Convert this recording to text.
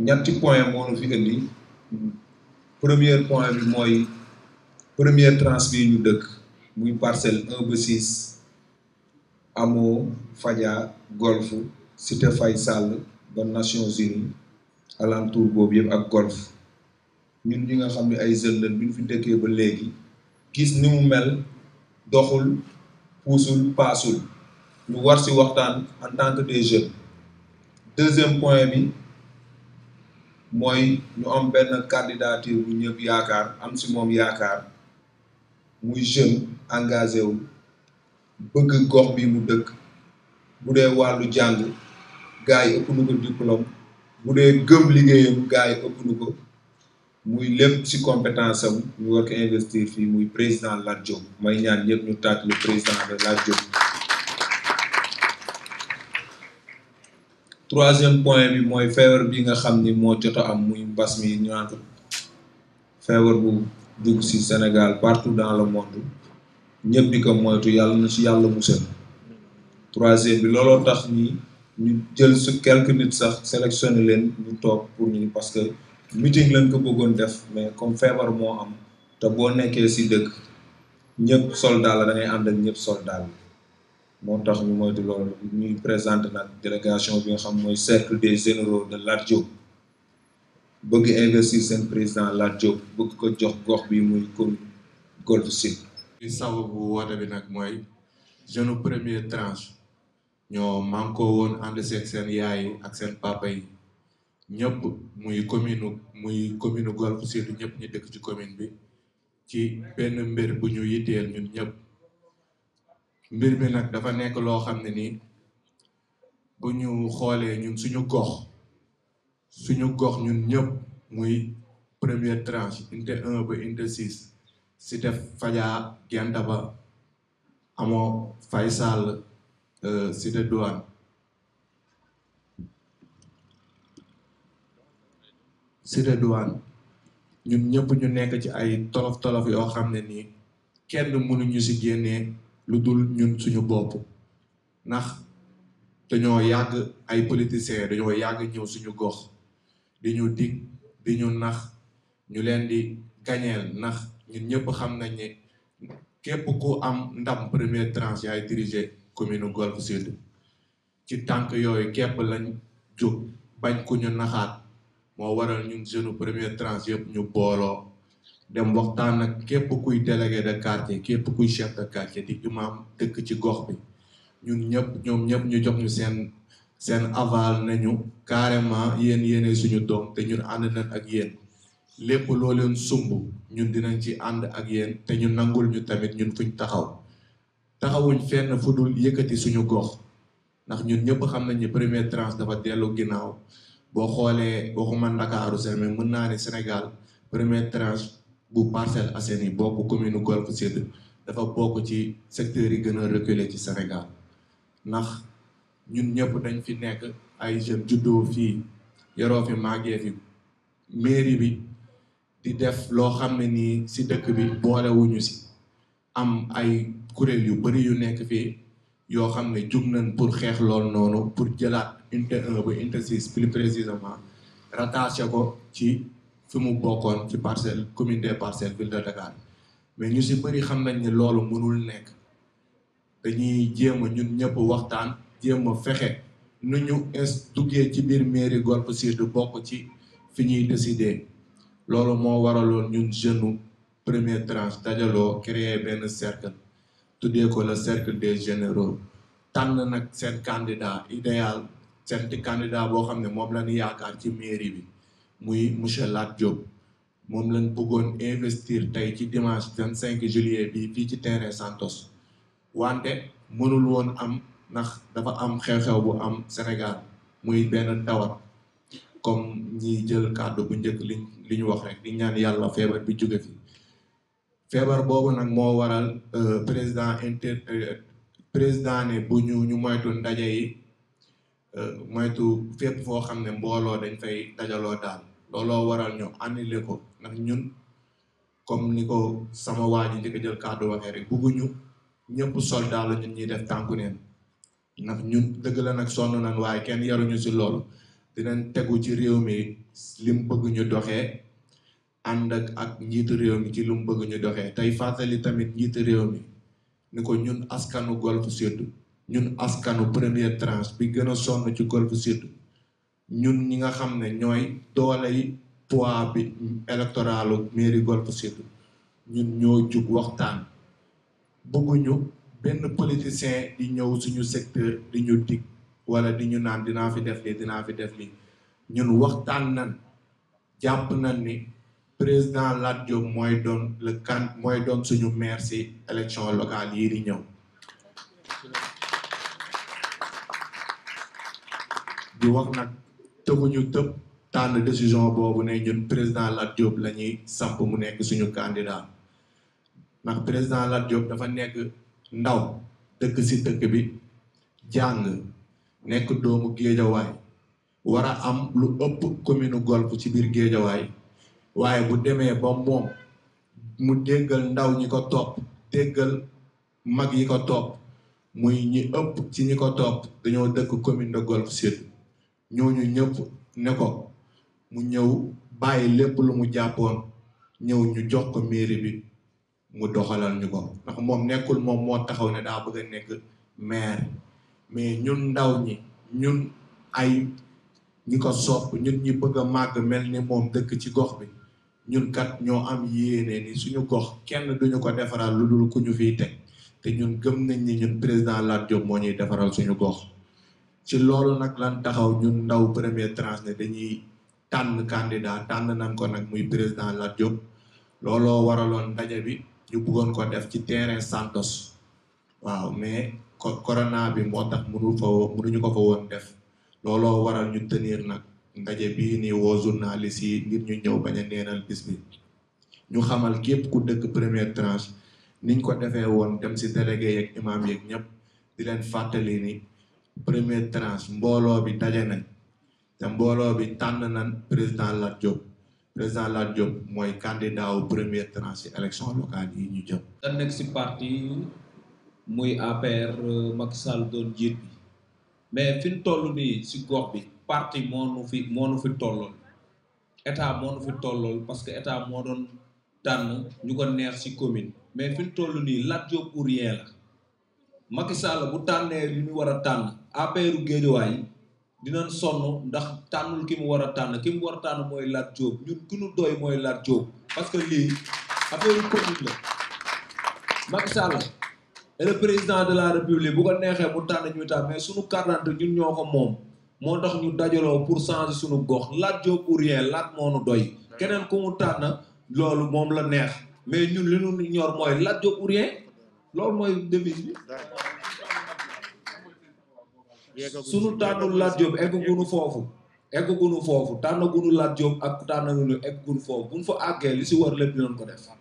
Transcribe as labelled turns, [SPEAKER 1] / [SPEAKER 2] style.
[SPEAKER 1] ñetti point moo nu fi indi premier point bi mooy première tranche bi ñu dëkk muy parcelle un ba six amoo faja golf cité fay sàll ba Nations Unies alentour boobu yëpp ak golf ñun ñi nga xam ni ay jeunes lañ bi ñu fi dëkkee ba léegi gis ni mu mel doxul puusul paasul ñu war si waxtaan en tant que des jeunes deuxième point bi mooy ñu am benn candidature bu ñëpp yaakaar am si moom yaakaar muy jeune engagé wu bëgg gox bi mu dëkk bu dee wàllu jàng gars yi ëpp na ko diplôme bu dee gëm liggéeyam gars yi ëpp na ko muy lépp ci compétence am ñu war ko investir fii muy président Lat Diop may ñaan ñëpp ñu tàcc le président de Lat troisième point bi mooy feebar bi nga xam ni moo jot am muy mbas mi ñu naan feebar bu dugg ci Sénégal partout dans le monde ñëpp di ko moytu yàlla na ci yàlla musal troisième bi looloo tax ni ñu jël su quelques nit sax sélectionné leen ñu toog pour ñu parce que meeting lañ ko bëggoon def mais comme feebar moo am te boo nekkee ci dëkk ñëpp soldat la dangay ngay ànd ak ñëpp soldat moo tax ñu moytu loolu ñuy présenté nag délégation bi nga xam mooy cercle des généraux de Lat Diop bëgg investir seen président Lat Diop bëgg ko jox gox bi muy commune Golf Sud
[SPEAKER 2] li bu woote bi nag mooy jeune premier tranche ñoo mànkoo woon ànd seeg seen yaay ak seen papa yi ñëpp muy commune muy commune Golf Sud ñëpp ñu dëkk ci commune bi ci benn mbir bu ñu yitteel ñun ñëpp mbir mi nag dafa nekk loo xam ne nii bu ñu xoolee ñun suñu gox suñu gox ñun ñëpp muy première tranche unité un ba unité six Cité Fadia Guentaba amoo Faye Sall euh, Cité Douane Cité Douane ñun ñëpp ñu nekk ci ay tolof tolof yoo xam ne nii kenn mënuñu si génnee lu dul ñun suñu bopp ndax dañoo yàgg ay politiciens dañoo yàgg ñëw suñu gox di ñu dig di ñu nax ñu leen di gañeel ndax ñun ñëpp xam nañ ne képp ku am ndam première tranche yaay diriger commune Golf Sud ci tànk yooyu képp lañ jóg bañ ku ñu naxaat moo waral ñun jeune première tranche yëpp ñu booloo dem waxtaan nag képp kuy délégué de quartier képp kuy chef de quartier di imam dëkk ci gox bi ñun ñëpp ñoom ñëpp ñu jox ñu seen seen aval nañu carrément yéen yéene suñu doom te ñun ànd nañ ak yéen lépp loo leen sumb ñun dinañ ci ànd ak yéen te ñu nangul ñu tamit ñun fuñ taxaw taxawuñ fenn fu dul yëkkati suñu gox ndax ñun ñëpp xam nañ ni première tranche dafa dellu ginnaaw boo xoolee waxuma Ndakaaru sax mais mën naa ne Sénégal première tranche bu Parcelles Assainies bokk commune Golf Sud dafa bokk ci secteurs yi gën a reculé ci Sénégal ndax ñun ñëpp dañ fi nekk ay jeunes juddoo fii yoroo fi màggee fi mairie bi di def loo xam ne nii si dëkk bi boolewuñu si am ay kuréel yu bari yu nekk fii yoo xam ne jug nañ pour xeex lool noonu pour jëlaat unité 1 ba unité 6 plus précisément rattaché ko ci fi mu bokkoon ci parcelle commune des parcelles ville de Dakar mais ñu si bëri xam nañ ne loolu mënul nekk dañuy jéem a ñun ñëpp waxtaan jéem a fexe nu ñu es duggee ci biir mairie Golf Sud bokk ci fi ñuy décider loolu moo waraloon ñun jeune première tranche dajaloo créer benn cercle tuddee ko la cercle des généraux tànn nag seen candidat idéal seen candidat boo xam ne moom la ñu yaakaar ci mairie bi muy monsieur Lat Diop moom lañ bëggoon investir tey ci dimanche vingt cinq juillet bi fii ci terrain Santos wante mënul woon am ndax dafa am xew-xew bu am Sénégal muy benn tawat comme ñi jël kàddu bu njëkk li li ñu wax rek di ñaan yàlla feebar bi jóge fi feebar boobu nag moo waral euh, président inter euh, président ne bu ñu ñu moytu ndaje yi euh, moytu fépp foo xam ne mbooloo dañ fay dajaloo daal looloo waral ñu annulé ko ndax ñun comme ni ko sama waa yi njëkk jël kàddu waxee rek bugguñu ñëpp soldat la ñun ñuy def tànku neen ndax ñun dëgg la nag sonn nañ waaye kenn yaruñu si loolu dinañ tegu ci réew mi lim bëgg ñu doxee ànd ak ak njiitu réew mi ci lim bëgg ñu doxee tey fàttali tamit njiitu réew mi ni ko ñun askanu Golf Sud ñun askanu première tranche bi gën a sonn ci Golf Sud ñun ñi nga xam ne ñooy dooley poids bi électoralu mairie Golf Sud ñun ñoo jug waxtaan bëgguñu benn politicien di ñëw suñu secteur di ñu dig wala di ñu naan dinaa fi def lii dinaa fi def lii ñun waxtaan nan jàpp nan ni président Lat Diop mooy doon le kan mooy suñu maire si locale yii di ñëw di wax nag ñu tëb tànn décision boobu ne ñun président Lat Diop la ñuy samp mu nekk suñu candidat ndax président Lat Diop dafa nekk ndaw dëkk si dëkk bi jàng nekk doomu géejawaay war a am lu ëpp commune golf ci biir géejawaay waaye bu demee ba moom mu déggal ndaw ñi ko topp déggal mag yi ko topp muy ñi ëpp ci ñi ko topp dañoo dëkk commune de golf sud ñu ñëpp ne ko mu ñëw bàyyi lépp lu mu jàppoon ñëw ñu jox ko mairie bi mu doxalal ñu ko ndax moom nekkul moom moo taxaw ne daa bëgg a nekk maire mais ñun ndaw ñi ñun ay ñi ko sopp ñun ñi bëgg a màgg mel ni moom dëkk ci gox bi ñun kat ñoo am yéene ni suñu gox kenn duñu ko defaral lu dul ku ñu fiy teg te ñun gëm nañ ni ñun président Lat Diop moo ñuy defaral suñu gox ci loolu nag lan taxaw ñu ndaw premier tranche ne dañuy tànn candidat tànn nañ ko nag muy président Lat Diop looloo waraloon ndaje bi ñu bëggoon ko def ci terrain Santos waaw mais corona bi moo tax mënu fa mënuñu ko fa def looloo waral ñu tenir nag ngaje bii nii woo journaliste yi ngir ñu ñëw bañ a neenal bis ñu xamal képp ku dëkk première tranche niñ ko defee woon dem si délégué yeeg imam yeeg ñëpp di leen fàttali ni première tranche mbooloo bi daje nañ te mbooloo bi tànn nan président Lat Diop président Lat Diop mooy candidat première trance ci élection locale yi ñu jëm. da nekk ci parti muy APR euh,
[SPEAKER 1] Macky Sall doon jiit bi mais fi ñu toll nii ci gox bi parti moo nu fi moo fi tollool état moo nu fi tollool parce que état moo doon tànn ñu ko neex ci commune mais fi ñu nii Lat Diop Macky Sall bu tànnee li ñu war a tànn APR Géejawaay dinañ sonn ndax tànnul ki mu war a tànn ki mu war a tànn mooy Lat Diop ñun ku ñu doy mooy Lat Diop parce que lii affaire commune la Macky président de la république bu ko neexee mu tànn ñu tànn mais suñu carte ñun ñoo ko moom moo tax ñu dajaloo pour changer suñu gox Lat Diop ou rien moo nu doy keneen ku mu tànn loolu moom la neex mais ñun li ñu ñor mooy Lat Diop ou loolu mooy devise bi suñu tànnul Lat Diop eggagunu foofu eggagunu foofu tànnagunu Lat Diop ak tànnagunu eggagunu foofu buñ fa àggee li si war lépp dinañ ko def